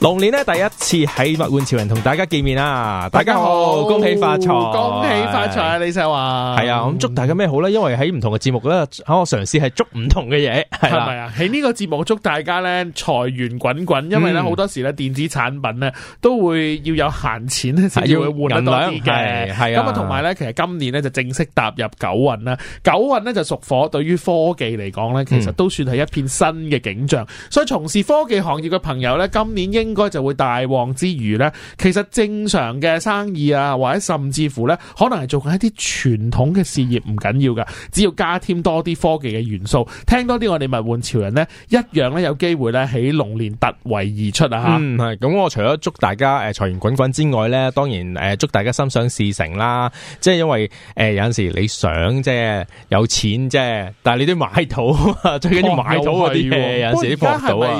龍年咧，第一次喺物玩潮人同大家見面啊！大家好，恭喜發財，恭喜發財啊！李秀華，係啊，咁祝大家咩好咧？因為喺唔同嘅節目咧，喺我嘗試係祝唔同嘅嘢，係咪啊？喺呢個節目祝大家咧財源滾滾，因為咧好多時咧電子產品咧都會要有閒錢咧，要換得多啲嘅，係啊。咁啊，同埋咧，其實今年咧就正式踏入九運啦。九運咧就屬火，對於科技嚟講咧，其實都算係一片新嘅景象。所以從事科技行業嘅朋友咧，今年應應該就會大旺之餘呢，其實正常嘅生意啊，或者甚至乎呢，可能係做緊一啲傳統嘅事業唔緊要㗎，只要加添多啲科技嘅元素，聽多啲我哋物換潮人呢，一樣呢，有機會呢，喺龍年突圍而出啊！吓、嗯，咁、嗯嗯，我除咗祝大家誒財源滾滾之外呢，當然誒祝大家心想事成啦。即係因為誒、呃、有陣時你想啫，有錢啫，但係你都買到啊！最緊要買到嗰啲嘢，有陣時搏唔到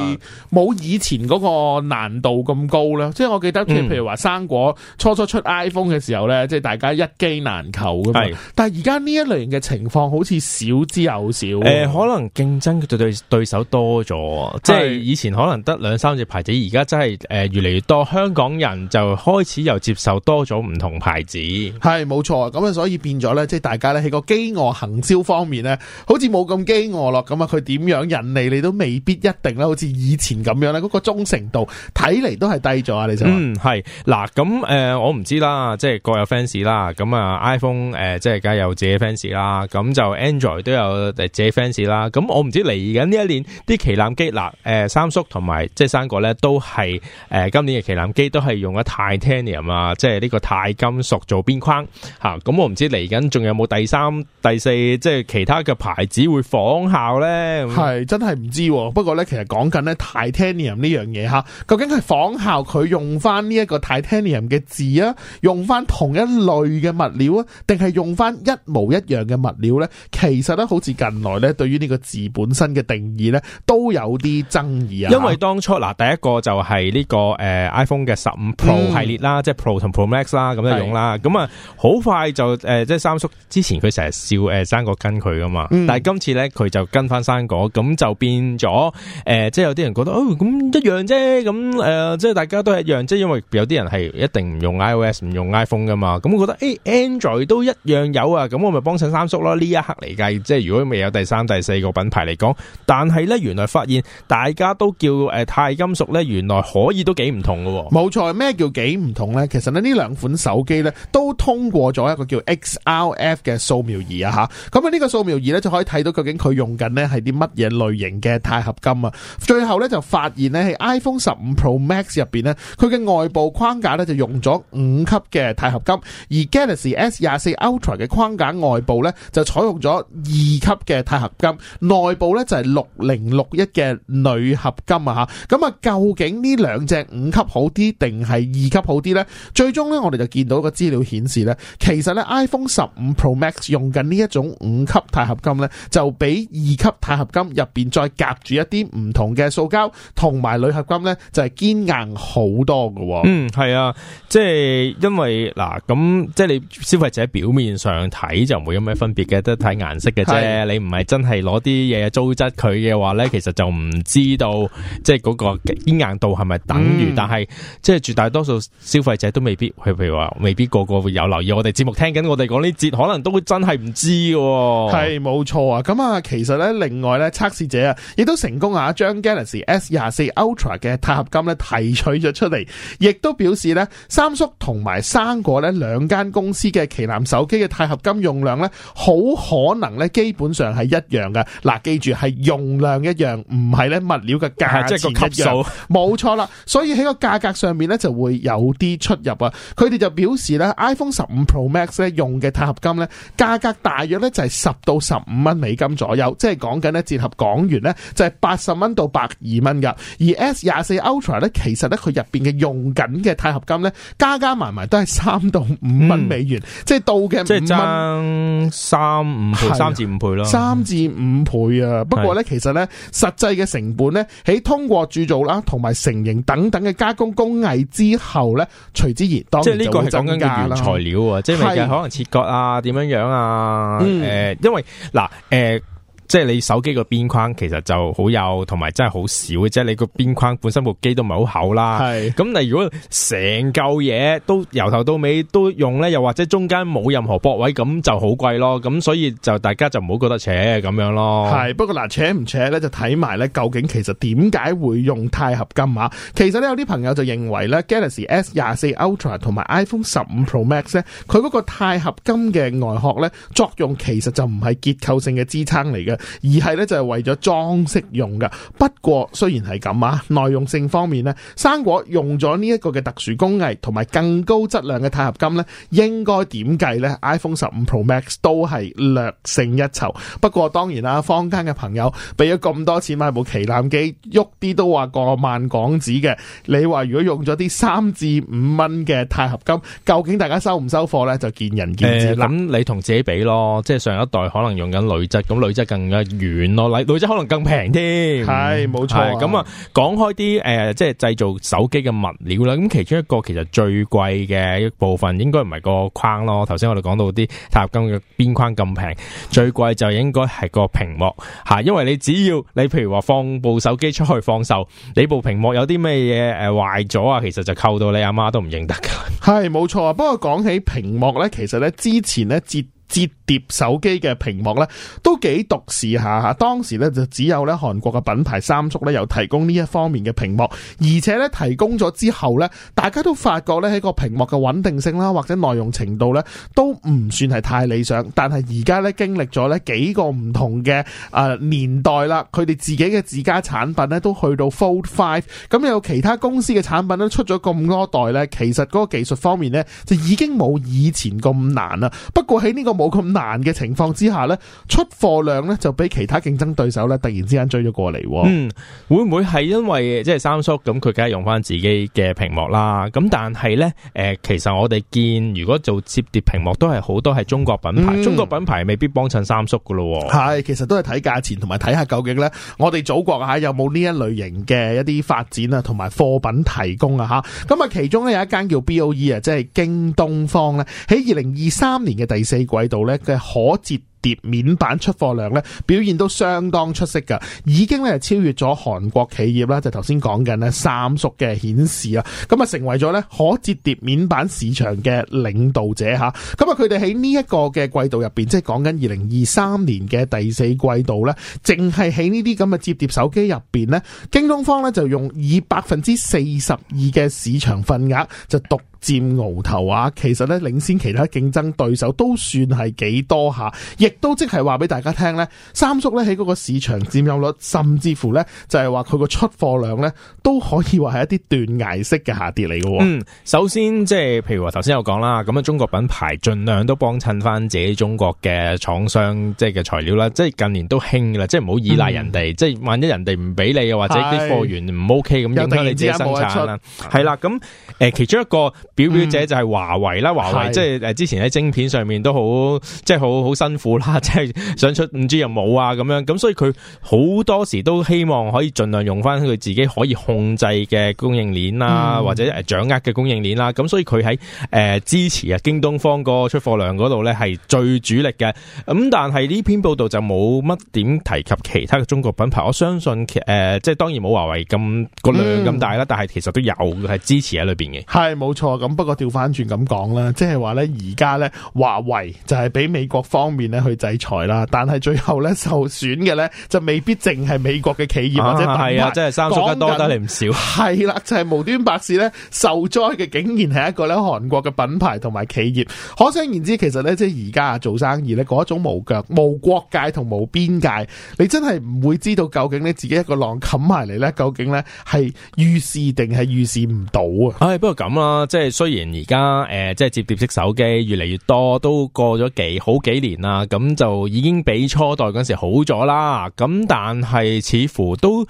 冇以前嗰、那個難度咁高咧，即係我記得，譬如話生果初初出 iPhone 嘅時候呢，即係大家一機難求噶嘛。但係而家呢一類型嘅情況好似少之又少啊。誒、呃，可能競爭對對手多咗，即係以前可能得兩三隻牌子，而家真係誒越嚟越多。香港人就開始又接受多咗唔同牌子。係，冇錯。咁啊，所以變咗呢。即係大家呢喺個飢餓行銷方面呢，好似冇咁飢餓咯。咁啊，佢點樣引嚟，你都未必一定咧，好似以前咁樣呢，嗰、嗰個忠誠度。睇嚟都係低咗啊！你就嗯係嗱，咁誒，我唔知啦，即係各有 fans 啦。咁啊，iPhone 誒、呃，即係梗係有自己 fans 啦。咁就 Android 都有自己 fans 啦。咁我唔知嚟緊呢一年啲旗艦機嗱，誒、呃、三叔同埋即係三個咧，都係誒、呃、今年嘅旗艦機都係用咗 titanium 啊，即係呢個鈦金屬做邊框吓。咁我唔知嚟緊仲有冇第三、第四，即係其他嘅牌子會仿效咧？係真係唔知、啊。不過咧，其實講緊咧 titanium 呢樣嘢吓究竟係仿效佢用翻呢一個 Titanium 嘅字啊，用翻同一類嘅物料啊，定係用翻一模一樣嘅物料咧？其實咧，好似近來咧，對於呢個字本身嘅定義咧，都有啲爭議啊。因為當初嗱，第一個就係呢、這個誒、呃、iPhone 嘅十五 Pro 系列啦、嗯呃，即係 Pro 同 Pro Max 啦，咁樣用啦。咁啊，好快就誒，即係三叔之前佢成日笑誒、呃、生果跟佢噶嘛，嗯、但係今次咧佢就跟翻生果，咁就變咗誒、呃，即係有啲人覺得哦，咁一樣啫咁。誒、嗯呃，即係大家都一樣，即係因為有啲人係一定唔用 iOS 唔用 iPhone 噶嘛，咁我覺得誒、欸、Android 都一樣有啊，咁我咪幫襯三叔咯，呢一刻嚟計，即係如果未有第三、第四個品牌嚟講，但係呢，原來發現大家都叫誒鈦、呃、金屬呢，原來可以都幾唔同喎、啊。冇錯，咩叫幾唔同呢？其實呢呢兩款手機呢，都通過咗一個叫 XRF 嘅掃描儀啊，吓，咁啊呢個掃描儀呢，就可以睇到究竟佢用緊呢係啲乜嘢類型嘅鈦合金啊。最後呢，就發現呢係 iPhone 十五。Pro Max 入邊咧，佢嘅外部框架咧就用咗五級嘅鈦合金，而 Galaxy S 廿四 Ultra 嘅框架外部咧就採用咗二級嘅鈦合金，內部咧就係六零六一嘅鋁合金啊吓。咁啊，究竟呢兩隻五級好啲定係二級好啲咧？最終咧，我哋就見到個資料顯示咧，其實咧 iPhone 十五 Pro Max 用緊呢一種五級鈦合金咧，就比二級鈦合金入邊再夾住一啲唔同嘅塑膠同埋鋁合金咧就是。堅硬好多嘅，哦，嗯，係啊，即係因為嗱咁，即係你消費者表面上睇就唔會有咩分別嘅，得睇顏色嘅啫。你唔係真係攞啲嘢糟質佢嘅話咧，其實就唔知道即係嗰個堅硬度係咪等於、嗯。但係即係絕大多數消費者都未必，譬如話未必個個會有留意。我哋節目聽緊，我哋講呢節，可能都會真係唔知喎，哦。係冇錯啊。咁啊，其實咧，另外咧，測試者啊，亦都成功啊，將 Galaxy S 廿四 Ultra 嘅咁咧提取咗出嚟，亦都表示咧，三叔同埋生果咧兩間公司嘅旗艦手機嘅鈦合金用量咧，好可能咧基本上係一樣嘅。嗱，記住係用量一樣，唔係咧物料嘅價值嘅級數，冇錯啦，所以喺個價格上面咧就會有啲出入啊。佢哋就表示咧 iPhone 十五 Pro Max 咧用嘅鈦合金咧，價格大約咧就係十到十五蚊美金左右，即係講緊咧折合港元咧就係八十蚊到百二蚊噶。而 S 廿四歐咧其實咧佢入邊嘅用緊嘅鈦合金咧，加加埋埋都係三到五蚊美元，嗯、即係到嘅即係增三五三至五倍咯，三至五倍啊！嗯、不過咧，其實咧實際嘅成本咧，喺通過鑄造啦，同埋成型等等嘅加工工藝之後咧，隨之而當即係呢個係講緊嘅原材料啊，即係可能切割啊，點樣樣啊？誒、嗯呃，因為嗱，誒。呃即係你手機個邊框其實就好有，同埋真係好少嘅。即係你個邊框本身部機都唔係好厚啦。係咁，但如果成舊嘢都由頭到尾都用咧，又或者中間冇任何駁位，咁就好貴咯。咁所以就大家就唔好覺得扯咁樣咯。係不過嗱，扯唔扯咧就睇埋咧，究竟其實點解會用鈦合金啊？其實咧有啲朋友就認為咧，Galaxy S 廿四 Ultra 同埋 iPhone 十五 Pro Max 咧，佢嗰個鈦合金嘅外殼咧作用其實就唔係結構性嘅支撐嚟嘅。而係咧就係為咗裝飾用㗎。不過雖然係咁啊，耐用性方面呢，生果用咗呢一個嘅特殊工藝同埋更高質量嘅鈦合金呢，應該點計呢？iPhone 十五 Pro Max 都係略勝一籌。不過當然啦，坊間嘅朋友俾咗咁多錢買部旗艦機，喐啲都話過萬港紙嘅，你話如果用咗啲三至五蚊嘅鈦合金，究竟大家收唔收貨呢？就見仁見智啦。咁、欸、你同自己比咯，即係上一代可能用緊鋁質，咁鋁質更。啊，遠咯，女仔可能更平啲，係冇錯。咁啊，講開啲誒，即係製造手機嘅物料啦。咁其中一個其實最貴嘅一部分，應該唔係個框咯。頭先我哋講到啲鈦合金嘅邊框咁平，最貴就應該係個屏幕吓。因為你只要你譬如話放部手機出去放售，你部屏幕有啲咩嘢誒壞咗啊，其實就扣到你阿媽都唔認得噶。係冇錯啊。不過講起屏幕咧，其實咧之前咧摺疊手機嘅屏幕咧，都幾獨市下吓。當時咧就只有咧韓國嘅品牌三星咧，有提供呢一方面嘅屏幕，而且咧提供咗之後咧，大家都發覺咧喺個屏幕嘅穩定性啦，或者耐用程度咧，都唔算係太理想。但係而家咧經歷咗咧幾個唔同嘅誒年代啦，佢哋自己嘅自家產品咧都去到 Fold Five，咁有其他公司嘅產品咧出咗咁多代咧，其實嗰個技術方面咧就已經冇以前咁難啦。不過喺呢、呢個冇咁難嘅情況之下呢，出貨量呢就俾其他競爭對手呢突然之間追咗過嚟。嗯，會唔會係因為即係三叔咁，佢梗係用翻自己嘅屏幕啦？咁但係呢，誒、呃，其實我哋見，如果做折疊屏幕都係好多係中國品牌，嗯，中國品牌未必幫襯三叔噶咯。係，其實都係睇價錢同埋睇下究竟呢，我哋祖國吓有冇呢一類型嘅一啲發展啊，同埋貨品提供啊吓。咁啊，其中呢有一間叫 BOE 啊，即係京東方呢，喺二零二三年嘅第四季。度咧嘅可折疊面板出貨量咧表現都相當出色噶，已經咧超越咗韓國企業啦，就頭先講緊咧三星嘅顯示啊，咁啊成為咗咧可折疊面板市場嘅領導者吓，咁啊佢哋喺呢一個嘅季度入邊，即係講緊二零二三年嘅第四季度咧，淨係喺呢啲咁嘅折疊手機入邊呢，京東方咧就用以百分之四十二嘅市場份額就獨。佔鰲頭啊，其實咧領先其他競爭對手都算係幾多吓，亦都即係話俾大家聽咧，三叔咧喺嗰個市場占有率，甚至乎咧就係話佢個出貨量咧都可以話係一啲斷崖式嘅下跌嚟嘅。嗯，首先即係譬如話頭先有講啦，咁啊中國品牌盡量都幫襯翻自己中國嘅廠商即係嘅材料啦，即係近年都興噶啦，即係唔好依賴人哋、嗯，即係萬一人哋唔俾你啊，或者啲貨源唔 OK 咁，由得你自己生產、嗯、啦。係啦，咁、呃、誒其中一個。表表者就係華為啦，華為、嗯、華為即係誒之前喺晶片上面都好即係好好辛苦啦，即係想出唔知有冇啊咁樣，咁所以佢好多時都希望可以盡量用翻佢自己可以控制嘅供應鏈啦，或者誒掌握嘅供應鏈啦，咁所以佢喺誒支持啊京東方個出貨量嗰度咧係最主力嘅，咁但係呢篇報道就冇乜點提及其他嘅中國品牌，我相信誒即係當然冇華為咁個量咁大啦，但係其實都有係支持喺裏邊嘅，係冇錯。咁不過調翻轉咁講啦，即係話咧，而家咧，華為就係俾美國方面咧去制裁啦，但係最後咧受損嘅咧，就未必淨係美國嘅企業或者品牌，係啊，即係生疏得多得你唔少，係啦，就係、是、無端白事咧受災嘅，竟然係一個咧韓國嘅品牌同埋企業。可想而知，其實咧，即係而家啊做生意咧，嗰種種無腳、無國界同無邊界，你真係唔會知道究竟你自己一個浪冚埋嚟咧，究竟咧係預示定係預示唔到啊？唉、哎，不過咁啦，即係。雖然而家誒即係摺疊式手機越嚟越多，都過咗幾好幾年啦，咁就已經比初代嗰陣時好咗啦。咁但係似乎都。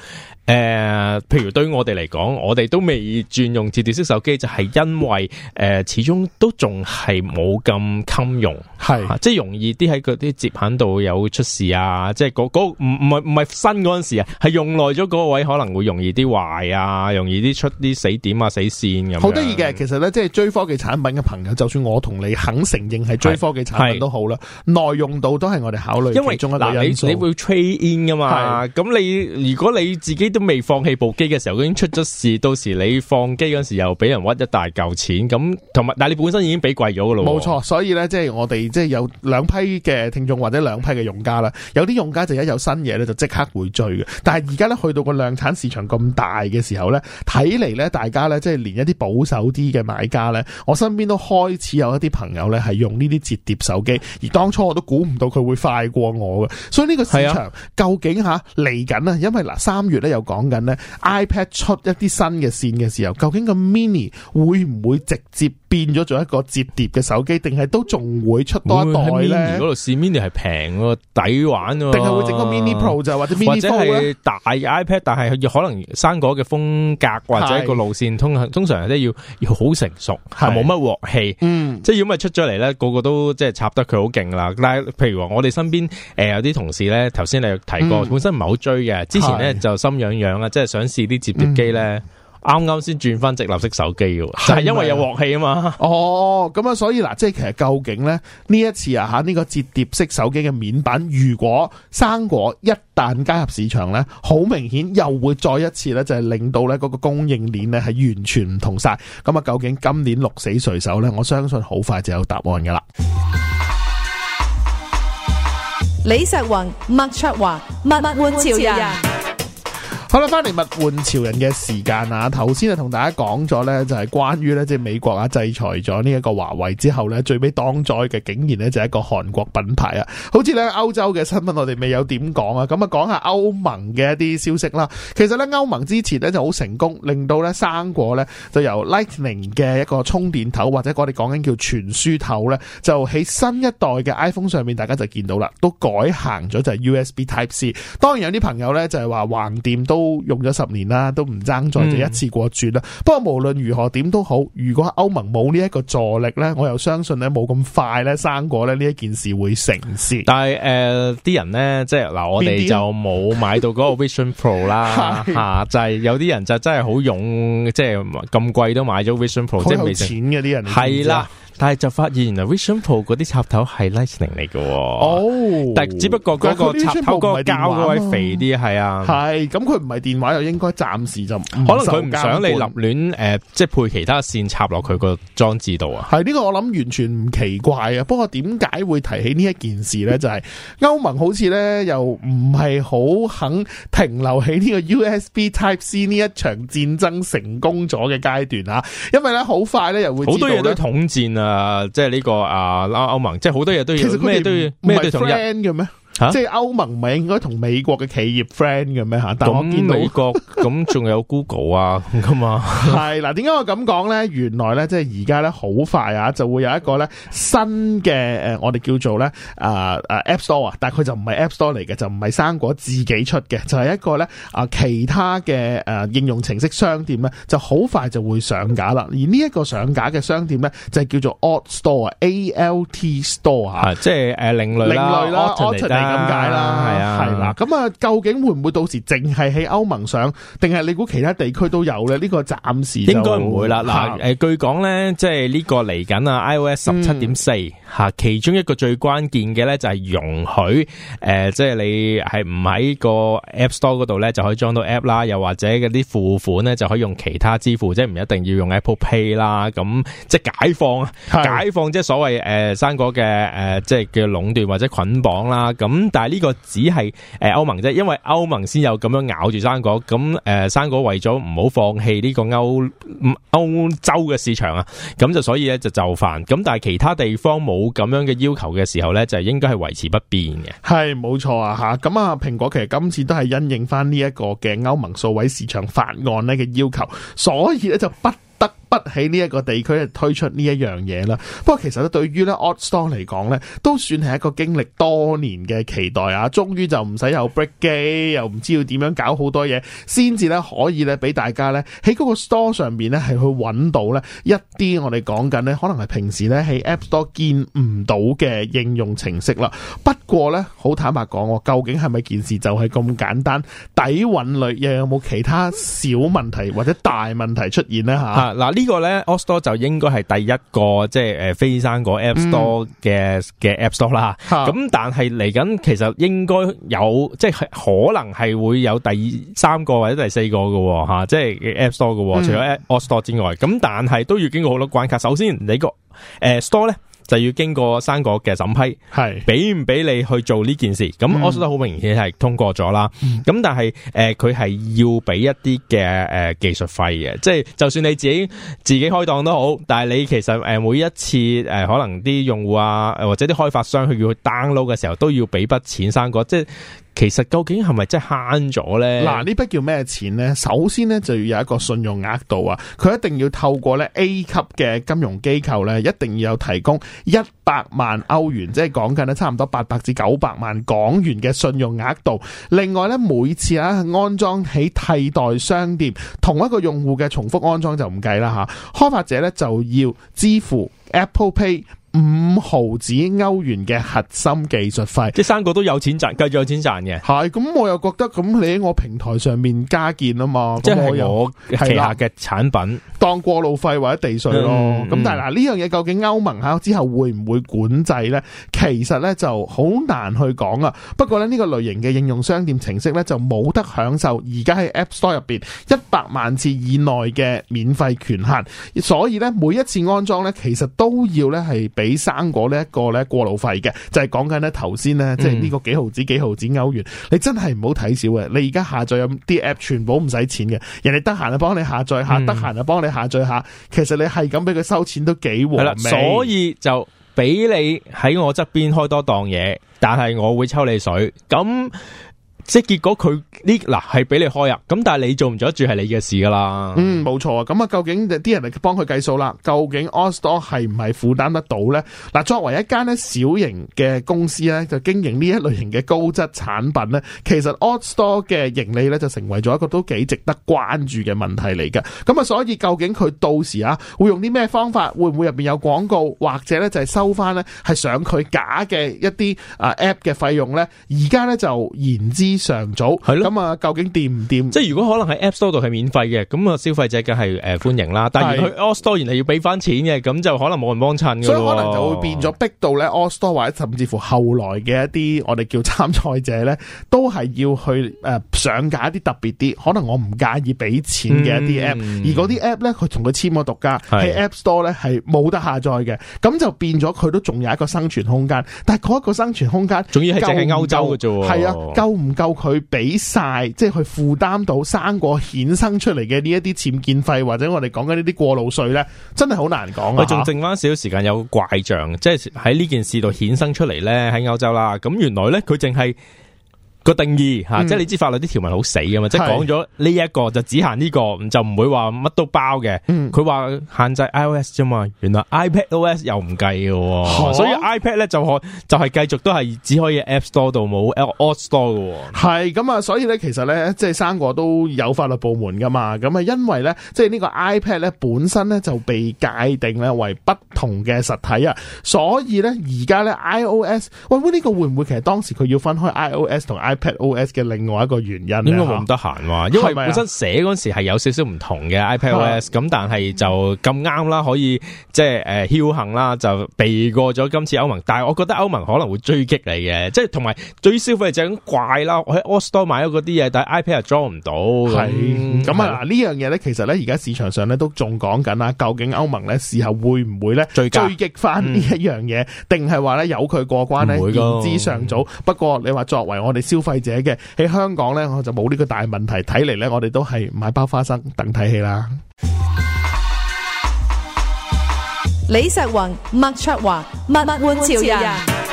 誒、呃，譬如對於我哋嚟講，我哋都未轉用摺疊式手機，就係、是、因為誒、呃，始終都仲係冇咁襟用，係、啊、即係容易啲喺嗰啲接棒度有出事啊！即係嗰嗰唔唔係唔係新嗰陣時啊，係用耐咗嗰位可能會容易啲壞啊，容易啲出啲死點啊、死線咁、啊。好得意嘅，其實咧，即係追科技產品嘅朋友，就算我同你肯承認係追科技產品都好啦，耐用度都係我哋考慮其中嘅因素。嗱、呃，你你會 trade in 噶嘛？咁你如果你自己。都未放棄部機嘅時候，都已經出咗事。到時你放機嗰時又俾人屈一大嚿錢，咁同埋，但係你本身已經俾貴咗噶咯。冇錯，所以咧，即係我哋即係有兩批嘅聽眾或者兩批嘅用家啦。有啲用家就一有新嘢咧，就即刻會追嘅。但係而家咧去到個量產市場咁大嘅時候咧，睇嚟咧，大家咧即係連一啲保守啲嘅買家咧，我身邊都開始有一啲朋友咧係用呢啲摺疊手機，而當初我都估唔到佢會快過我嘅。所以呢個市場究竟吓嚟緊啊？因為嗱，三月咧講緊呢 iPad 出一啲新嘅線嘅時候，究竟個 mini 會唔會直接變咗做一個摺疊嘅手機，定係都仲會出多一代咧？嗰度試 mini 係平喎，抵玩啊！定係會整個 mini pro 就或者 mini 高咧？或者係大 iPad，但係可能生果嘅風格或者一個路線，通通常係要要好成熟，係冇乜鑊氣。即係如果咪出咗嚟咧，個個都即係插得佢好勁啦。但係譬如話我哋身邊誒、呃、有啲同事咧，頭先你提過，嗯、本身唔係好追嘅，之前咧就心癢癢啊，即係想試啲摺疊機咧。嗯呢啱啱先轉翻直立式手機嘅，就係因為有鑊氣啊嘛。哦，咁啊，所以嗱，即係其實究竟咧呢一次啊吓呢個折疊式手機嘅面板，如果生果一旦加入市場咧，好明顯又會再一次咧，就係令到咧嗰個供應鏈咧係完全唔同晒。咁啊，究竟今年鹿死誰手咧？我相信好快就有答案噶啦。李石云、麥卓華、麥麥換潮人。好啦，翻嚟物玩潮人嘅時間啊！頭先啊，同大家講咗咧，就係關於咧，即係美國啊制裁咗呢一個華為之後咧，最尾當載嘅竟然咧就係一個韓國品牌啊！好似咧歐洲嘅新聞，我哋未有點講啊！咁啊，講下歐盟嘅一啲消息啦。其實咧，歐盟之前咧就好成功，令到咧生果咧就由 Lightning 嘅一個充電頭或者我哋講緊叫傳輸頭咧，就喺新一代嘅 iPhone 上面，大家就見到啦，都改行咗就係 USB Type C。當然有啲朋友咧就係話橫掂都。都用咗十年啦，都唔爭在就一次過轉啦。嗯、不過無論如何點都好，如果歐盟冇呢一個助力呢，我又相信呢冇咁快呢生果呢呢一件事會成事。但係誒，啲、呃、人呢，即係嗱，我哋就冇買到嗰個 Vision Pro 啦，就係、是、有啲人就真係好勇，即係咁貴都買咗 Vision Pro，即係有錢嘅啲人係啦。但係就發現啊，Vision Pro 嗰啲插頭係 Lightning 嚟嘅。哦，oh, 但係只不過個插頭個膠位肥啲，係啊，係。咁佢唔係電話又應該暫時就可能佢唔想你立亂誒，即係配其他線插落佢個裝置度啊。係呢、呢個我諗完全唔奇怪啊。不過點解會提起呢一件事咧？就係、係、歐盟好似咧又唔係好肯停留喺呢個 USB Type C 呢一場戰爭成功咗嘅階段啊。因為咧好快咧又會好多嘢都統戰啊。誒、呃，即係、這、呢個啊，歐、呃、盟，即係好多嘢都要咩，都要咩，都要同嘅咩。啊、即係歐盟唔係應該同美國嘅企業 friend 嘅咩吓？但我見到美國咁仲 有 Google 啊，咁啊係嗱？點解我咁講咧？原來咧，即係而家咧好快啊，就會有一個咧新嘅誒，我哋叫做咧啊，啊 App Store 啊，但係佢就唔係 App Store 嚟嘅，就唔係生果自己出嘅，就係、是、一個咧啊其他嘅誒、啊啊、應用程式商店咧，就好快就會上架啦。而呢一個上架嘅商店咧，就係叫做 Alt Store 啊，A L T Store 啊，即係誒另類啦，另類啦。咁解啦，係啊，係啦、啊。咁啊，啊，啊，啊，究竟會唔會到時淨係喺歐盟上，定係你估其他地區都有咧？呢、呢個暫時應該唔會啦。嗱、啊，誒，據講咧，即係呢個嚟緊啊，iOS 十七點四吓，其中一個最關鍵嘅咧就係容許誒，即、呃、係、就是、你係唔喺個 App Store 嗰度咧，就可以裝到 App 啦，又或者嗰啲付款咧就可以用其他支付，即係唔一定要用 Apple Pay 啦。咁即係解放，解放即係所謂誒，生、呃、果嘅誒，即係嘅壟斷或者捆綁啦。咁咁但係呢個只係誒歐盟啫，因為歐盟先有咁樣咬住生果，咁誒生果為咗唔好放棄呢個歐歐洲嘅市場啊，咁就所以咧就就範，咁但係其他地方冇咁樣嘅要求嘅時候咧，就應該係維持不變嘅。係冇錯啊吓，咁啊蘋果其實今次都係因應翻呢一個嘅歐盟數位市場法案呢嘅要求，所以咧就不得。不起呢一個地區推出呢一樣嘢啦，不過其實咧對於咧 AltStore 嚟講呢都算係一個經歷多年嘅期待啊，終於就唔使有 break 機，又唔知道要點樣搞好多嘢，先至咧可以咧俾大家咧喺嗰個 Store 上面咧係去揾到咧一啲我哋講緊呢，可能係平時咧喺 App Store 見唔到嘅應用程式啦。不過呢，好坦白講，究竟係咪件事就係咁簡單？底蘊裏又有冇其他小問題或者大問題出現呢？吓？嗱！ 呢個咧，AltStore 就應該係第一個即係誒非生果 App Store 嘅嘅 App Store 啦。咁但係嚟緊其實應該有即係可能係會有第三個或者第四個嘅嚇，即係 App Store 嘅喎，除咗 AltStore 之外，咁但係都要經過好多關卡。首先你個誒 Store 咧，就要經過生果嘅審批，係俾唔俾你去做呢件事？咁我覺得好明顯係通過咗啦。咁、嗯、但係誒，佢、呃、係要俾一啲嘅誒技術費嘅，即、就、係、係、就算你自己自己開檔都好，但係你其實、呃、每一次、呃、可能啲用戶啊或者啲開發商去要去 download 嘅時候，都要俾筆錢生果，即、就係其實究竟係咪真係慳咗呢？嗱，呢筆叫咩錢呢？首先呢，就要有一個信用額度啊，佢一定要透過咧 A 級嘅金融機構呢，一定要有提供一百萬歐元，即係講緊呢差唔多八百至九百萬港元嘅信用額度。另外呢，每次咧安裝喺替代商店，同一個用戶嘅重複安裝就唔計啦吓，開發者呢，就要支付 Apple Pay。五毫子歐元嘅核心技術費，即三個都有錢賺，繼續有錢賺嘅。係，咁我又覺得咁你喺我平台上面加建啊嘛，即係我，我旗下嘅產品當過路費或者地稅咯。咁、嗯嗯、但係嗱，呢樣嘢究竟歐盟嚇之後會唔會管制呢？其實呢就好難去講啊。不過呢，呢、呢個類型嘅應用商店程式呢，就冇得享受而家喺 App Store 入面一百萬次以內嘅免費權限，所以呢，每一次安裝呢，其實都要呢係俾。俾生果呢一個咧過路費嘅，就係講緊咧頭先咧，即係呢個幾毫子、嗯、幾毫子歐元，你真係唔好睇少呀。你而家下載有啲 app，全部唔使錢嘅，人哋得閒就幫你下載下，得閒、嗯、就幫你下載下。其實你係咁俾佢收錢都幾和味，所以就俾你喺我側邊開多檔嘢，但係我會抽你水咁。即係結果佢呢嗱，係俾你開啊，咁但係你做唔做得住係你嘅事噶啦。嗯，冇錯啊。咁啊，究竟啲人嚟幫佢計數啦？究竟 AltStore 係唔係負擔得到咧？嗱，作為一間咧小型嘅公司咧，就經營呢一類型嘅高質產品咧，其實 AltStore 嘅盈利咧就成為咗一個都幾值得關注嘅問題嚟嘅。咁啊，所以究竟佢到時啊會用啲咩方法？會唔會入面有廣告，或者咧就係收翻咧係上佢架嘅一啲啊 App 嘅費用咧？而家咧就言之常早係咯，咁啊，究竟掂唔掂？即係如果可能喺 App Store 度係免費嘅，咁啊，消費者梗係誒歡迎啦。但係如果去 AltStore，然係要俾翻錢嘅，咁就可能冇人幫襯嘅。所以可能就會變咗逼到咧 AltStore 或者甚至乎後來嘅一啲我哋叫參賽者咧，都係要去誒上架一啲特別啲，可能我唔介意俾錢嘅一啲 App，而嗰啲 App 咧佢同佢簽咗個獨家喺 App Store 咧係冇得下載嘅，咁就變咗佢都仲有一個生存空間。但係嗰一個生存空間，仲要係只係歐洲嘅啫，係啊，夠唔夠？佢俾晒，即係佢負擔到生過衍生出嚟嘅呢一啲僭建費，或者我哋講緊呢啲過路稅呢，真係好難講。佢仲剩翻少少時間，有個怪象，即係喺呢件事度衍生出嚟呢，喺歐洲啦。咁原來呢，佢淨係。個定義吓、嗯，即係你知法律啲條文好死噶嘛，即係講咗呢一個就只限呢個，就唔、這個、會話乜都包嘅。佢、嗯、話限制 iOS 啫嘛，原來 iPadOS 又唔計喎。所以 iPad 咧就可就係、是、繼續都係只可以 App Store 度冇 AltStore 嘅。係咁啊，所以咧其實咧即係三個都有法律部門噶嘛，咁啊因為咧即係呢個 iPad 咧本身咧就被界定咧為不同嘅實體啊，所以咧而家咧 iOS，喂，呢、這個會唔會其實當時佢要分開 iOS 同 iPad？iPad OS 嘅另外一個原因，應該冇咁得閒喎，因為本身寫嗰陣時係有少少唔同嘅 iPad OS，咁但係就咁啱啦，可以即係誒僥幸啦，就避過咗今次歐盟。但係我覺得歐盟可能會追擊你嘅，即係同埋對於消費者咁怪啦，我喺 AltStore 買咗嗰啲嘢，但係 iPad 係裝唔到，係咁啊，嗱呢樣嘢咧，其實咧而家市場上咧都仲講緊啦，究竟歐盟咧事後會唔會咧追追擊翻呢一樣嘢，定係話咧由佢過關咧？言之尚早。不過你話作為我哋消，消費者嘅喺香港呢，我就冇呢個大問題。睇嚟，呢，我哋都係買包花生等睇戲啦。李石雲、麥卓華、默默換潮人。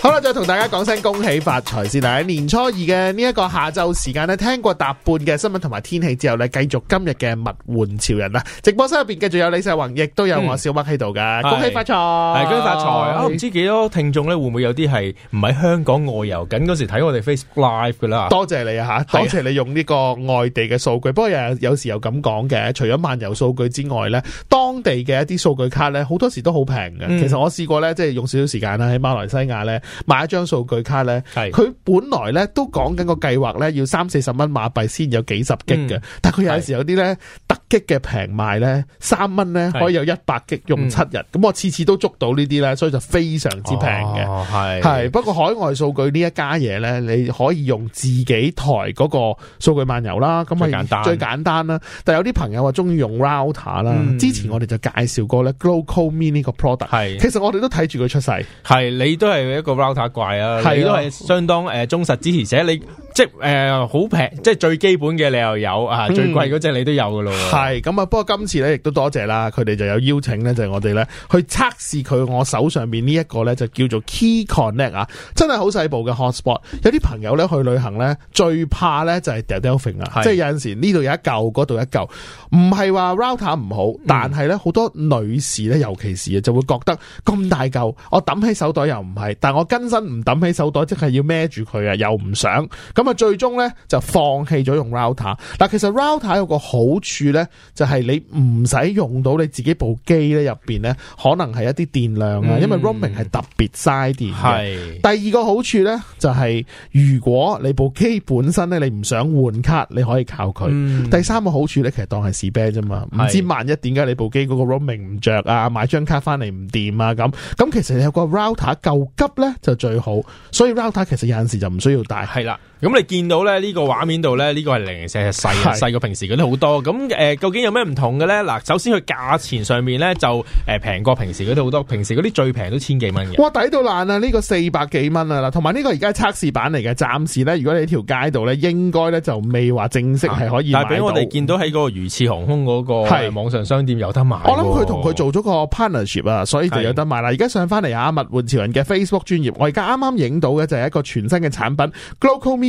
好啦，再同大家講聲恭喜發財先啦！年初二嘅呢一個下晝時間呢，聽過搭半嘅新聞同埋天氣之後呢，繼續今日嘅物玩潮人啦！直播室入邊繼續有李世宏，亦都有我小麥喺度噶，恭喜發財！恭喜發財！我，哦，唔知幾多聽眾咧，會唔會有啲係唔喺香港外遊緊嗰時睇我哋 Face Live 噶啦？多謝你啊吓！多謝你用呢個外地嘅數據。啊，不過又有有時又咁講嘅，除咗漫遊數據之外呢，當地嘅一啲數據卡呢，好多時都好平嘅。其實我試過呢，即係用少少時間啦，喺馬來西亞呢。買一張數據卡咧，係佢本來咧都講緊個計劃咧，要三四十蚊馬幣先有幾十激嘅、嗯，但佢有陣時候有啲咧突擊嘅平賣咧，三蚊咧可以有一百激用七日，咁、嗯、我次次都捉到呢啲咧，所以就非常之平嘅，係、哦、係。不過海外數據呢一家嘢咧，你可以用自己台嗰個數據漫遊啦，咁啊簡單最簡單啦。但係有啲朋友話中意用 router 啦、嗯，之前我哋就介紹過咧，GlocalMe mini 個 product，係其實我哋都睇住佢出世，係你都係一個。怪，怪啊，係都係相當誒、呃、忠實支持者你。即係好平，即係最基本嘅你又有啊，最貴嗰隻你都有㗎咯。係咁啊，不過今次咧亦都多謝啦，佢哋就有邀請咧，就係我哋咧去測試佢我手上邊呢一個咧，就叫做 Key Connect 啊，真係好細部嘅 hotspot。有啲朋友咧去旅行咧，最怕咧就係掉掉 fit 啊，即係有陣時呢度有一嚿，嗰度一嚿，唔係話 router 唔好，但係咧好多女士咧，尤其是就會覺得咁大嚿，我揼喺手袋又唔係，但我根身唔揼喺手袋，即係要孭住佢啊，又唔想咁。咁最終咧就放棄咗用 router。但其實 router 有個好處咧，就係、是、你唔使用，用到你自己部機咧入邊咧，可能係一啲電量啊、嗯。因為 Roaming 係特別嘥電。係第二個好處咧，就係、是、如果你部機本身咧，你唔想換卡，你可以靠佢、嗯。第三個好處咧，其實當係士 b a 啫嘛。唔知萬一點解你部機嗰個 Roaming 唔着啊？買張卡翻嚟唔掂啊？咁咁，其實有個 router 夠急咧就最好。所以 router 其實有陣時就唔需要帶。係啦。咁你見到咧呢、呢個畫面度咧呢、呢個係零零舍舍細啊，細過平時嗰啲好多。咁誒、呃、究竟有咩唔同嘅咧？嗱，首先佢價錢上面咧就誒平過平時嗰啲好多，平時嗰啲最平都千幾蚊嘅。哇！抵到爛啊！呢、呢個四百幾蚊啊！嗱，同埋呢個而家係測試版嚟嘅，暫時咧如果你喺條街度咧，應該咧就未話正式係可以買到。但係俾我哋見到喺個魚翅航空嗰個網上商店有得賣。我諗佢同佢做咗個 partnership 啊，所以就有得賣啦。而家上翻嚟嚇物玩潮人嘅 Facebook 專頁，我而家啱啱影到嘅就係一個全新嘅產品、GlocalME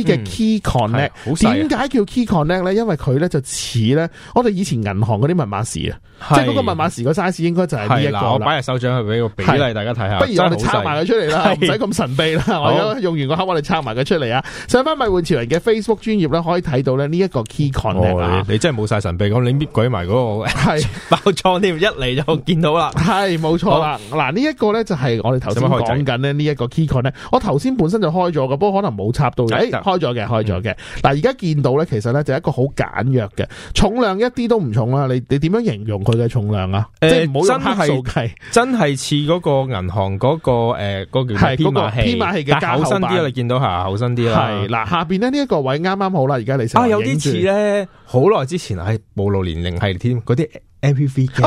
嘅點解叫 key connect 咧？因為佢咧就似咧，我哋以前銀行嗰啲密碼匙啊，即係嗰個密碼匙個 size 應該就係呢一個。係嗱，我擺下手掌去俾個比例，大家睇下。不如我哋拆埋佢出嚟啦，唔使咁神秘啦。我用完個盒我，我哋插埋佢出嚟啊！上翻物玩潮人嘅 Facebook 專頁咧，可以睇到呢一個 key connect、哦。你真係冇晒神秘咁，你搣鬼埋嗰個係包裝添，一嚟就見到啦。係冇錯啦。嗱，呢、這、一個咧就係我哋頭先講緊咧呢一個 key connect。我頭先本身就開咗嘅，不過可能冇插到。哎哎哎開咗嘅，開咗嘅。嗱，而家見到咧，其實咧就係一個好簡約嘅重，重，重量，呃那個呃那個那個、一啲都唔重啦。你你點樣形容佢嘅重量啊？即係唔好用克數計，真係似嗰個銀行嗰個誒，嗰個係嗰個編碼器嘅，厚身啲啦。你見到吓厚身啲啦。係嗱，下邊咧呢一個位啱啱好啦。而家你啊，有啲似咧，好耐之前係、哎、暴露年齡係添，嗰啲 M P V 機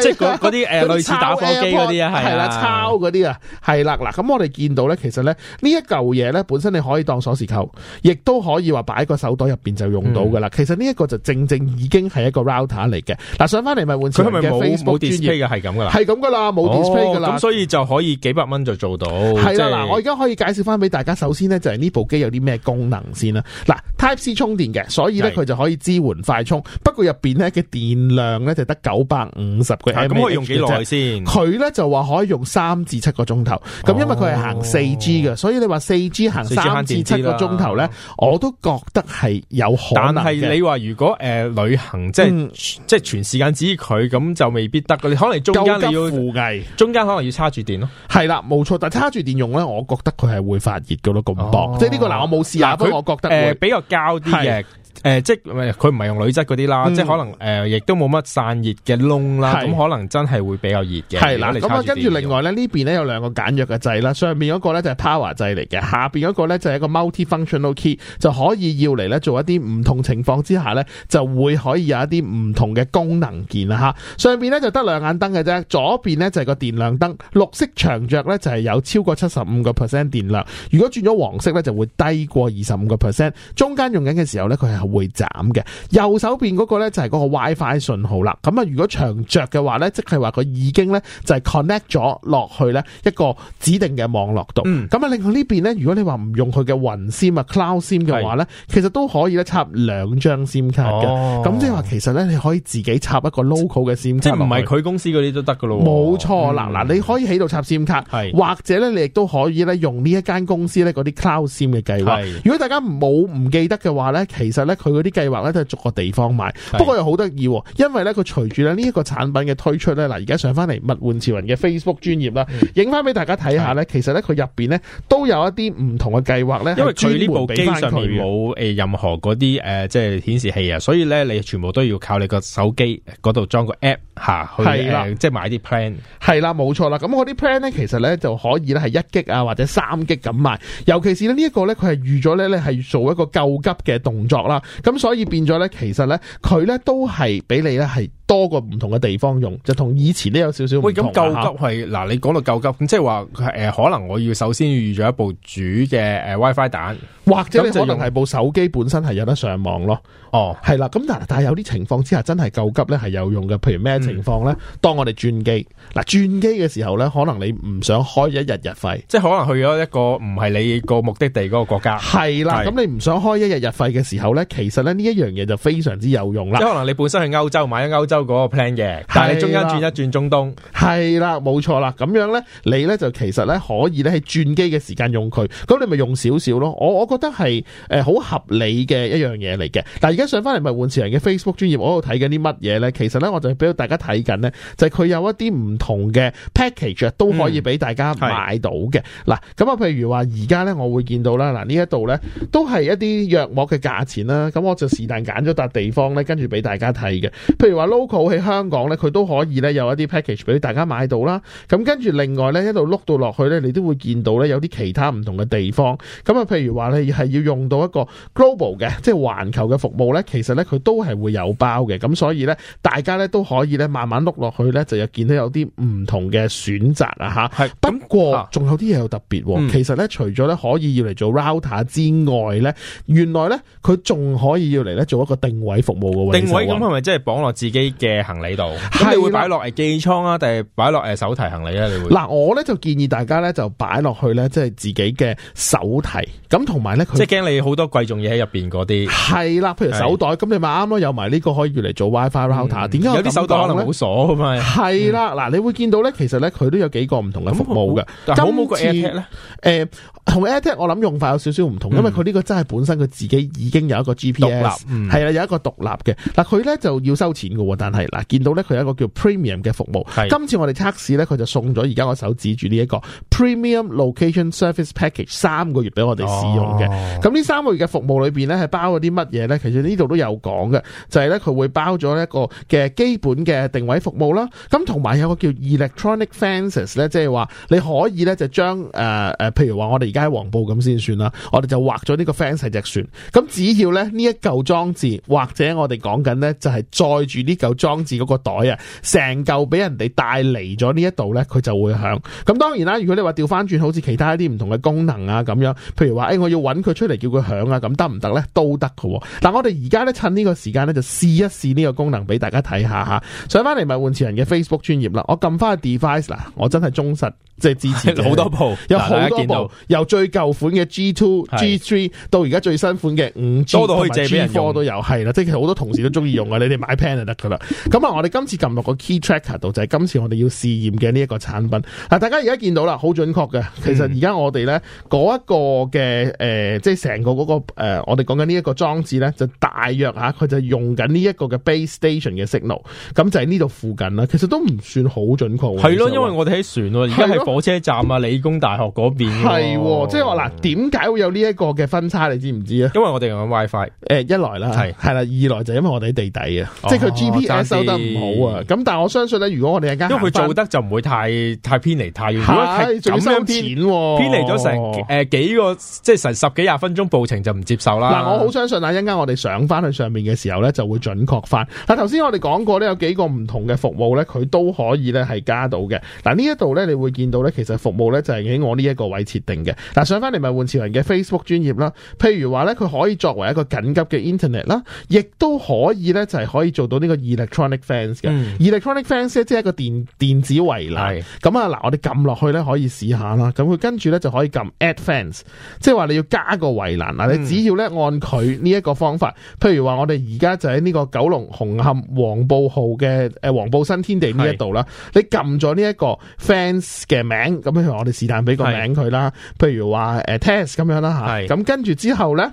即係嗰啲誒類似打火機嗰啲啊，係係啦，抄嗰啲啊，係啦嗱。咁、嗯、我哋見到咧，其實咧呢一嚿嘢咧本身你可以當鎖匙扣，亦都可以話擺喺個手袋入邊就用到噶啦、嗯。其實呢一個就正正已經係一個 router 嚟嘅。嗱，上翻嚟咪換佢係咪冇冇 display 㗎？係咁㗎啦，係咁㗎啦，冇 display 㗎啦。咁、哦、所以就可以幾百蚊就做到。係啦，嗱、就是，我而家可以介紹翻俾大家，首先咧就係呢部機有啲咩功能先啦。嗱，Type C 充電嘅，所以咧佢就可以支援快充。不過入邊咧嘅電量咧就得九百五十。咁可以用幾耐先？佢咧就話可以用三至七個鐘頭。咁因為佢係行四 G 嘅，所以你話四 G 行三至七個鐘頭咧，我都覺得係有可能。但係你話如果誒、呃、旅行即係、嗯、即係全時間指佢咁就未必得。你可能中間你要附計，中間可能要插住電咯。係啦，冇錯。但係插住電用咧，我覺得佢係會發熱噶咯。咁薄、哦。即係呢個嗱，我冇試下，不過我覺得誒、呃，會比較膠啲嘅。誒、呃，即係佢唔係用鋁質嗰啲啦，即係可能誒、呃，亦都冇乜散熱嘅窿啦，咁可能真係會比較熱嘅。係啦，咁啊，跟住另外咧呢邊咧有兩個簡約嘅掣啦，上面嗰個咧就係 Power 掣嚟嘅，下邊嗰個咧就係一個 Multi-functional Key，就可以要嚟咧做一啲唔同情況之下咧，就會可以有一啲唔同嘅功能鍵啦吓。上邊咧就得兩眼燈嘅啫，左邊咧就係個電量燈，綠色長着咧就係有超過七十五個 percent 電量，如果轉咗黃色咧就會低過二十五個 percent，中間用緊嘅時候咧佢係。會斬嘅，右手邊嗰個呢，就係嗰個 WiFi 信號啦。咁啊，如果長着嘅話呢，即係話佢已經呢，就係 connect 咗落去呢一個指定嘅網絡度。咁、嗯、啊，另外呢邊呢，如果你 SIM，話唔用佢嘅雲 SIM 啊 cloud SIM 嘅話呢，其實都可以咧插兩張 SIM 卡嘅。咁、哦、即係話，其實呢，你可以自己插一個 local 嘅 SIM 卡，即係唔係佢公司嗰啲都得噶咯。冇錯，啦、嗯、嗱，你可以喺度插 SIM 卡，或者呢，你亦都可以咧用呢一間公司呢嗰啲 cloud SIM 嘅計劃。如果大家冇唔記得嘅話呢，其實呢。佢嗰啲計劃咧都係逐個地方買，不過又好得意，因為咧佢隨住咧呢一個產品嘅推出咧，嗱而家上翻嚟物換潮人嘅 Facebook 專頁啦，影翻俾大家睇下咧，其實咧佢入邊咧都有一啲唔同嘅計劃咧，因為佢呢部機上面冇誒任何嗰啲誒即係顯示器啊，所以咧你全部都要靠你個手機度裝個 app 吓，係啦，即、呃、係、就是、買啲 plan，係啦，冇錯啦，咁嗰啲 plan 咧其實咧就可以咧係一擊啊或者三擊咁賣，尤其是咧呢一個咧佢係預咗咧咧係做一個救急嘅動作啦。咁所以變咗咧，其實咧，佢咧都係俾你咧係，多個唔同嘅地方用，就同以前都有少少唔同。喂，咁救急係嗱，你講到救急，咁即係話誒，可能我要首先預咗一部主嘅誒 WiFi 蛋，或者你可能係部手機本身係有得上網咯。哦，係啦，咁但係但係有啲情況之下真係救急呢係有用嘅，譬如咩情況呢、嗯？當我哋轉機嗱，轉機嘅時候呢，可能你唔想開一日日費，即係可能去咗一個唔係你個目的地嗰個國家。係啦，咁你唔想開一日日費嘅時候呢，其實呢一樣嘢就非常之有用啦。即可能你本身喺歐洲買咗歐洲。那個 plan 嘅，但係中間轉一轉中東，係啦，冇錯啦，咁樣咧，你咧就其實咧可以咧喺轉機嘅時間用佢，咁你咪用少少咯。我我覺得係誒好合理嘅一樣嘢嚟嘅。但係而家上翻嚟咪換持人嘅 Facebook 專頁，我喺度睇緊啲乜嘢咧？其實咧，我就俾大家睇緊咧，就佢、是、有一啲唔同嘅 package 啊都可以俾大家買到嘅。嗱、嗯，咁啊，譬如話而家咧，我會見到啦，嗱呢一度咧都係一啲藥膜嘅價錢啦。咁我就是但揀咗笪地方咧，跟住俾大家睇嘅。譬如話撈。喺香港咧，佢都可以咧有一啲 package 俾大家買到啦。咁跟住另外咧，一路碌到落去咧，你都會見到咧有啲其他唔同嘅地方。咁啊，譬如話你係要用到一個 global 嘅，即係環球嘅服務咧，其實咧佢都係會有包嘅。咁所以咧，大家咧都可以咧慢慢碌落去咧，就有見到有啲唔同嘅選擇啊吓。係。不過仲、啊、有啲嘢又特別。其實咧，除咗咧可以要嚟做 router 之外咧，原來咧佢仲可以要嚟咧做一個定位服務嘅定位咁係咪即係綁落自己？嘅行李度，你會擺落嚟寄機艙啊，定係擺落嚟手提行李咧？你會嗱，我咧就建議大家咧就擺落去咧，即係自己嘅手提咁，同埋咧即係驚你好多貴重嘢喺入邊嗰啲係啦，譬如手袋咁，你咪啱咯，有埋呢個可以用嚟做 WiFi router，嗯。點解有啲手袋可能冇鎖咁啊？係啦，嗱，你會見到咧，其實咧佢都有幾個唔同嘅服務嘅，咁冇似咧，誒，同，呃，AirTag 我諗用法有少少唔同，嗯，因為佢呢個真係本身佢自己已經有一個 GPS，係啦，嗯啊，有一個獨立嘅，嗱，佢咧就要收錢㗎喎，但係但係嗱，見到咧佢有一個叫 premium 嘅服務，今次我哋測試咧，佢就送咗而家我手指住呢一個 premium location service package 三個月俾我哋試用嘅。咁、哦、呢三個月嘅服務裏邊咧，係包咗啲乜嘢呢？其實呢度都有講嘅，就係咧佢會包咗一個嘅基本嘅定位服務啦。咁同埋有個叫 electronic fences 咧，即係話你可以咧就將誒誒，譬如話我哋而家喺黃埔咁先算啦，我哋就畫咗呢個 fence 係隻船。咁只要咧呢一嚿裝置或者我哋講緊呢就係載住呢嚿。裝置嗰個袋啊，成嚿俾人哋帶嚟咗呢一度咧，佢就會響。咁當然啦，如果你話調翻轉，好似其他一啲唔同嘅功能啊咁樣，譬如話，誒、欸，我要揾佢出嚟叫佢響啊，咁得唔得咧？都得嘅。嗱，我哋而家咧趁呢個時間咧，就試一試呢個功能俾大家睇下吓。上翻嚟咪換前人嘅 Facebook 專頁啦，我撳翻個 device 嗱，我真係忠實即係、就是、支持好多部，有好多部，由最舊款嘅 G two、G three 到而家最新款嘅五 G，多到可以借俾人用。都有係啦，即係其實好多同事都中意用啊，你哋買 pen 就得噶啦。咁啊，我哋今次撳落個 key tracker 度就係、是，今次我哋要試驗嘅呢一個產品。嗱，大家而家見到啦，好準確嘅。其實而家我哋咧嗰一個嘅，誒，即係成個嗰、那個誒、呃，我哋講緊呢一個裝置咧，就大約吓，佢、啊、就用緊呢一個嘅 base station 嘅 signal。咁就喺呢度附近啦。其實都唔算好準確。係咯，因為我哋喺船喎，而家喺火車站啊，理工大學嗰邊。係，即係話嗱，點解會有呢一個嘅分差？你知唔知啊？因為我哋用緊 wifi，誒、呃，一來啦，係係啦，二來就因為我哋喺地底啊、哦。即係佢 G P。收得唔好啊！咁但係我相信咧，如果我哋一間，因為佢做得就唔會太太偏離太遠，係仲要收錢，啊、偏離咗成誒幾個，即係成十幾廿分鐘路程就唔接受啦。嗱，我好相信啊，一陣間我哋上翻去上面嘅時候咧，就會準確翻。嗱，頭先我哋講過咧，有幾個唔同嘅服務咧，佢都可以咧係加到嘅。嗱，呢一度咧，你會見到咧，其實服務咧就係、是、喺我呢一個位設定嘅。嗱，上翻嚟咪換潮人嘅 Facebook 專頁啦。譬如話咧，佢可以作為一個緊急嘅 Internet 啦，亦都可以咧就係、是、可以做到呢、這個 Electronic fence 嘅，而、嗯、Electronic fence 即係一個電電子圍欄。咁、嗯、啊，嗱，我哋撳落去咧，可以試下啦。咁佢跟住咧就可以撳 Add fence，即係話你要加個圍欄。嗱、嗯，你只要咧按佢呢一個方法，譬如話我哋而家就喺呢個九龍紅磡黃埔號嘅誒、呃、黃埔新天地呢一度啦，你撳咗呢一個 fence 嘅名，咁譬如我哋試下俾個名佢啦，譬如話誒、呃、test 咁樣啦吓，咁跟住之後咧。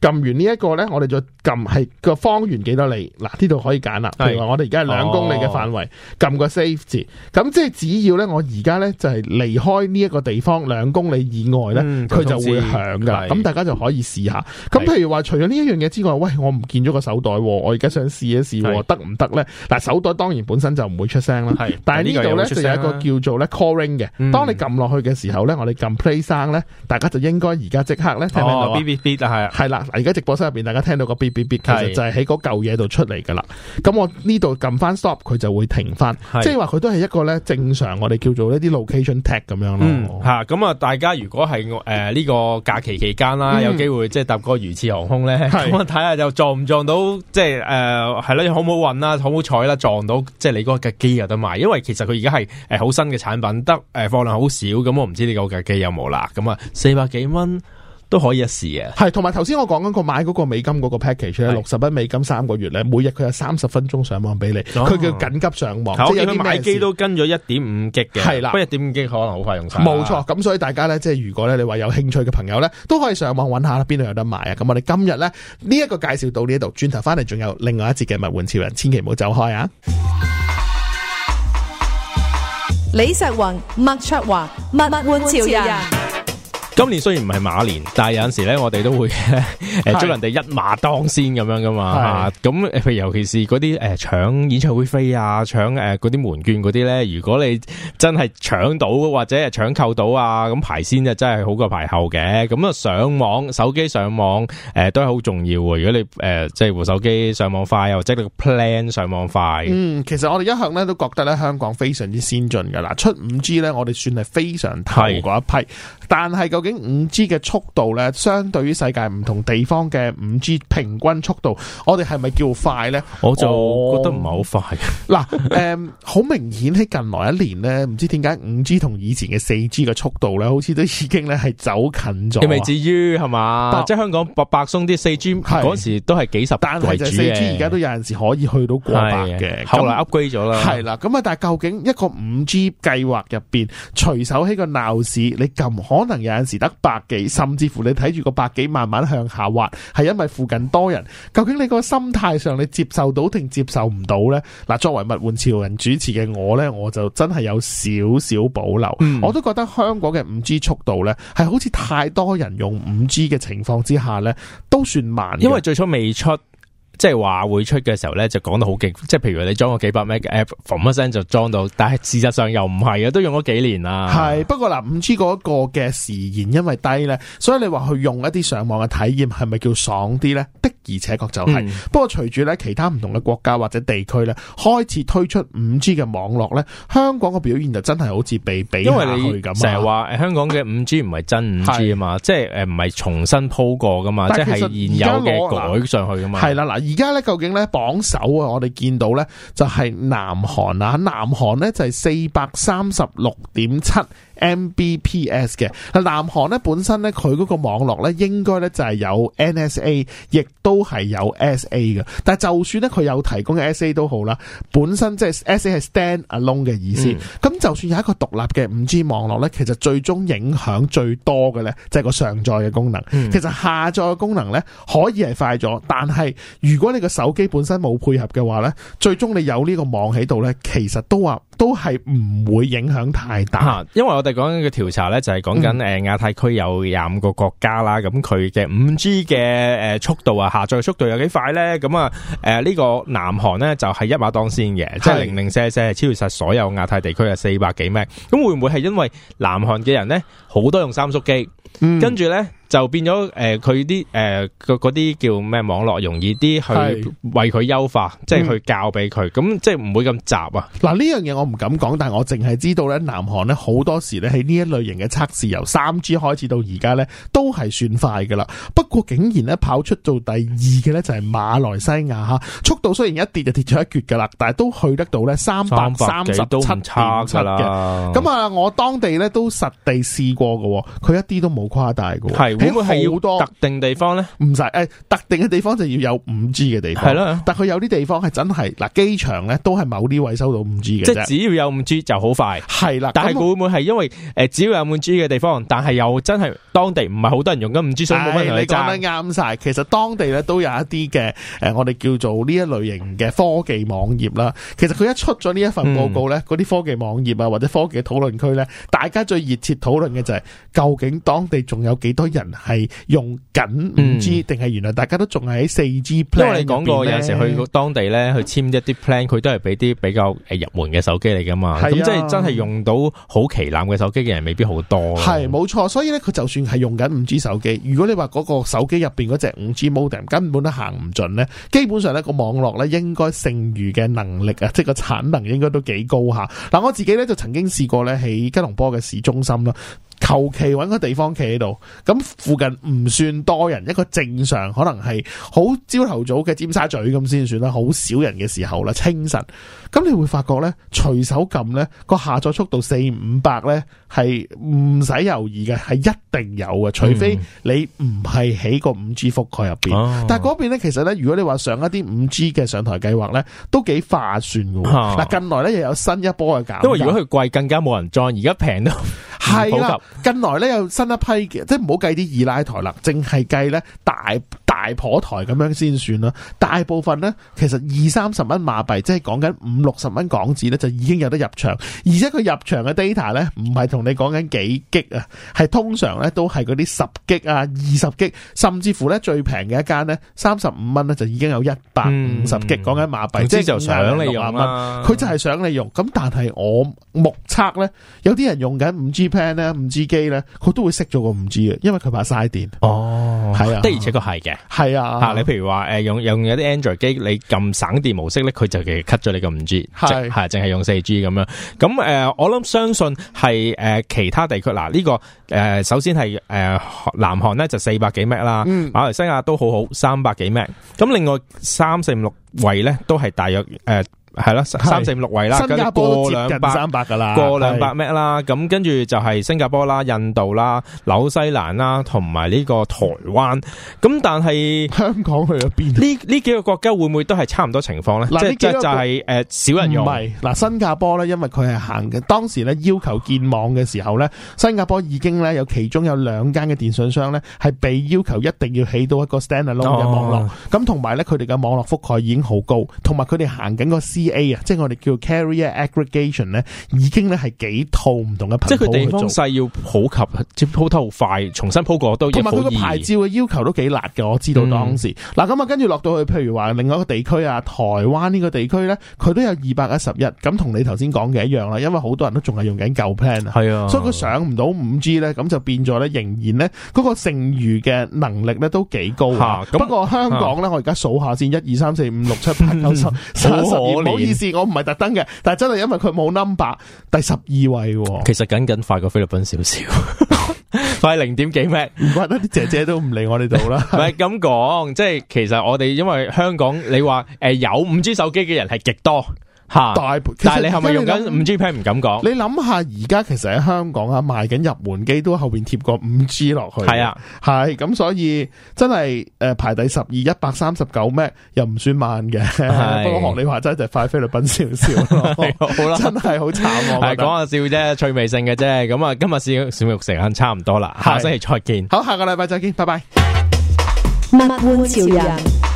撳完呢、這、一個咧，我哋就撳係個方圓幾多厘。嗱，呢度可以揀啦。譬如話我哋而家係兩公里嘅範圍，撳、哦、個 save 字，咁即係只要咧我而家咧就係離開呢一個地方兩公里以外咧，佢、嗯、就會響噶。咁大家就可以試下。咁譬如話除咗呢一樣嘢之外，喂我唔見咗個手袋，我而家想試一試得唔得咧？嗱，手袋當然本身就唔會出聲啦，係，但係呢度咧就有一個叫做 calling 嘅、嗯，當你撳落去嘅時候咧，我哋撳 play 生咧，大家就應該而家即刻咧，聽唔到？b B B 就係，係啦。而家直播室入邊，大家聽到個 B B B，其實就係喺嗰嚿嘢度出嚟噶啦。咁我呢度撳翻 stop，佢就會停翻。即係話佢都係一個咧正常，我哋叫做一啲 location tech 咁樣咯。嚇、嗯、咁、嗯、啊、嗯，大家如果係誒呢個假期期間啦、嗯，有機會即係搭個魚翅航空咧，咁我睇下就撞唔撞到，即係誒係啦，好唔好運啊？好唔好彩啦，撞到即係、就是、你嗰架機有得買。因為其實佢而家係誒好新嘅產品，得誒貨量好少，咁我唔知你嗰架機有冇啦。咁、嗯、啊，四百幾蚊。都可以一試嘅，係同埋頭先我講緊個買嗰個美金嗰個 package 咧，六十蚊美金三個月咧，每日佢有三十分鐘上網俾你，佢、哦、叫緊急上網，哦、即係買機都跟咗一點五 G 嘅，係啦，一點五 G 可能好快用晒。冇錯，咁所以大家咧，即係如果你話有興趣嘅朋友咧，都可以上網揾下啦，邊度有得賣啊！咁我哋今日咧呢一、呢個介紹到呢度，轉頭翻嚟仲有另外一節嘅物玩潮人，千祈唔好走開啊！李石雲、麥卓華、物玩潮人。今年雖然唔係馬年，但係有陣時咧，我哋都會誒祝 人哋一馬當先咁樣噶嘛吓。咁誒，啊、譬如尤其是嗰啲誒搶演唱會飛啊，搶誒嗰啲門券嗰啲咧，如果你真係搶到或者係搶購到啊，咁排先就真係好過排後嘅。咁啊，上網手機上網誒、呃、都係好重要喎。如果你誒、呃、即係部手機上網快，又即係個 plan 上網快。嗯，其實我哋一向咧都覺得咧香港非常之先進噶啦，出五 G 咧，我哋算係非常頭嗰一批，但係究竟五 G 嘅速度咧，相對於世界唔同地方嘅五 G 平均速度，我哋係咪叫快咧？我就我覺得唔係好快啊。嗱、 嗯，誒，好明顯喺近來一年咧，唔知點解五 G 同以前嘅四 G 嘅速度咧，好似都已經咧係走近咗。因未至於係嘛，即係香港白白鬆啲四 G 嗰陣時都係幾十，但係就四 G 而家都有陣時可以去到過百嘅，後來 upgrade 咗啦。係啦，咁啊，但係究竟一個五 G 計劃入邊，隨手喺個鬧市，你咁可能有陣時。得百幾，甚至乎你睇住個百幾慢慢向下滑，係因為附近多人。究竟你個心態上，你接受到定接受唔到呢？嗱，作為物玩潮人主持嘅我呢，我就真係有少少保留、嗯。我都覺得香港嘅五 G 速度呢，係好似太多人用五 G 嘅情況之下呢，都算慢。因為最初未出。即係話會出嘅時候咧，就講得好勁。即係譬如你裝個幾百 Mbps，嘣一聲就裝到。但係事實上又唔係啊，都用咗幾年啦。係不過嗱，五 G 嗰個嘅時延因為低咧，所以你話去用一啲上網嘅體驗係咪叫爽啲咧？的而且確就係，是嗯。不過隨住咧其他唔同嘅國家或者地區咧開始推出五 G 嘅網絡咧，香港嘅表現就真係好似被比落去咁。成日話誒，香港嘅五 G 唔係真五 G 啊嘛，即係誒唔係重新鋪過噶嘛，即係現有嘅改上去噶嘛。係啦嗱。啦而家咧究竟咧榜首啊？我哋見到咧就係南韓啊，南韓咧就係四百三十六點七 MBPS 嘅，南韓咧本身咧佢嗰個網絡咧應該咧就係有 NSA，亦都係有 SA 嘅。但係就算咧佢有提供 SA 都好啦，本身即係 SA 係 stand alone 嘅意思。咁、嗯、就算有一個獨立嘅五 G 網絡咧，其實最終影響最多嘅咧就係個上載嘅功能。其實下載嘅功能咧可以係快咗，但係如果你個手機本身冇配合嘅話咧，最終你有呢個網喺度咧，其實都話都係唔會影響太大，啊、因為我。我哋講緊個調查呢，就係講緊亞太區有廿五個國家啦。咁佢嘅 5G 嘅速度啊，下載速度有幾快呢？咁啊，呢個南韓呢，就係一馬當先嘅，即係零零舍舍超越晒所有亞太地區嘅四百幾 Mbps。咁會唔會係因為南韓嘅人呢，好多用三速機？跟住呢。 就變咗誒，佢啲誒嗰啲叫咩網絡容易啲去為佢優化，即係去教俾佢，咁、嗯、即係唔會咁雜啊。嗱，呢樣嘢我唔敢講，但係我淨係知道咧，南韓咧好多時咧喺呢一類型嘅測試，由三 G 開始到而家咧都係算快噶啦。不過竟然咧跑出做第二嘅咧就係馬來西亞吓，速度雖然一跌就跌咗一橛噶啦，但係都去得到咧三百三十七點七嘅。咁啊，我當地咧都實地試過噶，佢一啲都冇誇大噶。係。會係好多特定地方咧？唔使誒，特定嘅地方就要有五 G 嘅地方係咯。但係佢有啲地方係真係嗱，機場咧都係某啲位收到五 G 嘅。即係只要有五 G 就好快。係啦，但係會唔會係因為誒，只要有五 G 嘅地方，但係又真係當地唔係好多人用緊五 G？所以冇乜人爭。你講得啱晒。其實當地咧都有一啲嘅誒，我哋叫做呢一類型嘅科技網頁啦。其實佢一出咗呢一份報告咧，嗰啲科技網頁啊，或者科技嘅討論區咧，大家最熱切討論嘅就係究竟當地仲有幾多人？係用緊五 G 定係原來大家都仲係喺四 G plan。因為你講過，有時去當地咧去簽一啲 plan，佢都係俾啲比較誒入門嘅手機嚟噶嘛。咁、啊、即係真係用到好旗艦嘅手機嘅人，未必好多、啊。係冇錯，所以咧佢就算係用緊五 G 手機，如果你話嗰個手機入邊嗰隻五 G modem 根本都行唔盡咧，基本上咧個網絡咧應該剩餘嘅能力啊，即、就、係、是、個產能應該都幾高下。嗱、嗯，我自己咧就曾經試過咧喺吉隆坡嘅市中心啦。求其揾個地方企喺度，咁附近唔算多人，一個正常可能係好朝頭早嘅尖沙咀咁先算啦，好少人嘅時候啦，清晨。咁你會發覺咧，隨手撳咧個下載速度四五百咧係唔使猶豫嘅，係一定有嘅，除非你唔係喺個五 G 覆蓋入面。嗯、但嗰邊咧其實咧，如果你話上一啲五 G 嘅上台計劃咧，都幾化算喎。嗱、嗯，近來咧又有新一波嘅價，因為如果佢貴更加冇人裝，而家平都近來咧有新一批嘅，即係唔好計啲二奶台啦，淨係計咧大。大婆台咁樣先算啦，大部分呢，其實二三十蚊馬幣，即係講緊五六十蚊港紙呢，就已經有得入場，而且佢入場嘅 data 呢，唔係同你講緊幾激啊，係通常呢都係嗰啲十激啊、二十激，甚至乎呢最平嘅一間呢，三十五蚊呢，就已經有一百五十激，講緊馬幣，即係、嗯、就係想你用，佢就係想，想你用。咁但係我目測呢，有啲人用緊五 G plan 呢，五 G 機呢，佢都會熄咗個五 G 嘅，因為佢怕嘥電。哦，係啊，的而且確係嘅。係啊，吓、啊、你譬如話誒用、用有啲 Android 機，你撳省電模式咧，佢就其實 cut 咗你個五 G，係係淨係用四 G 咁樣。咁誒、呃，我諗相信係誒、呃、其他地區，嗱呢個誒首先係誒、呃、南韓咧就四百幾 Mbps，馬來西亞都好好三百幾 Mbps，咁另外三四五六位咧都係大約誒。呃係啦，三四五六位啦，新加坡300，過兩百三百噶啦，過兩百 Mbps 啦。咁跟住就係新加坡啦、印度啦、紐西蘭啦，同埋呢個台灣。咁但係香港去咗邊？呢呢幾個國家會唔會都係差唔多情況咧？即係，就係誒少人用。唔係，嗱新加坡咧，因為佢係行緊，當時咧要求建網嘅時候咧，新加坡已經咧有其中有兩間嘅電信商咧係被要求一定要起到一個 standalone 嘅網絡。咁同埋咧，佢哋嘅網絡覆蓋已經好高，同埋佢哋行緊個 C。A 啊，即係我哋叫 carrier aggregation 咧，已經咧係幾套唔同嘅，即係佢地方細要普及，即係鋪頭快，重新鋪過都。同埋佢個牌照嘅要求都幾辣嘅，我知道當時。嗱咁啊，跟住落到去，譬如話另外一個地區啊，台灣呢個地區咧，佢都有二百一十一，咁同你頭先講嘅一樣啦。因為好多人、啊、5G，都仲係用緊舊 plan 啊，係啊，所以佢上唔到五 G 咧，咁就變咗咧，仍然咧嗰個剩餘嘅能力咧都幾高。咁不過香港咧，啊、我而家數下先，一二三四五六七八九十，好可憐意思我唔係特登嘅，但係真係因為佢冇 number，第十二位、哦。其實僅僅快過菲律賓少少， 快零點幾咩？唔怪得啲姐姐都唔理我哋度啦。唔係咁講，即係其實我哋因為香港，你話誒有五 G 手機嘅人係極多。吓， 但係你係咪用緊五 G p 牌唔敢講？你諗下而家其實喺香港啊，賣緊入門機都後邊貼個五 G 落去。係啊係，係咁，所以真係誒排第十二一百三十九 Mbps？又唔算慢嘅。啊、 不過學你話齋就係，快菲律賓少少咯。 啊、好啦，真係好慘。係講下笑啫，趣味性嘅啫。咁啊，今日小小玉時間差唔多啦，下星期再見。好，下個禮拜再見，拜拜。物玩潮人？蜂蜂蜂蜂蜂蜂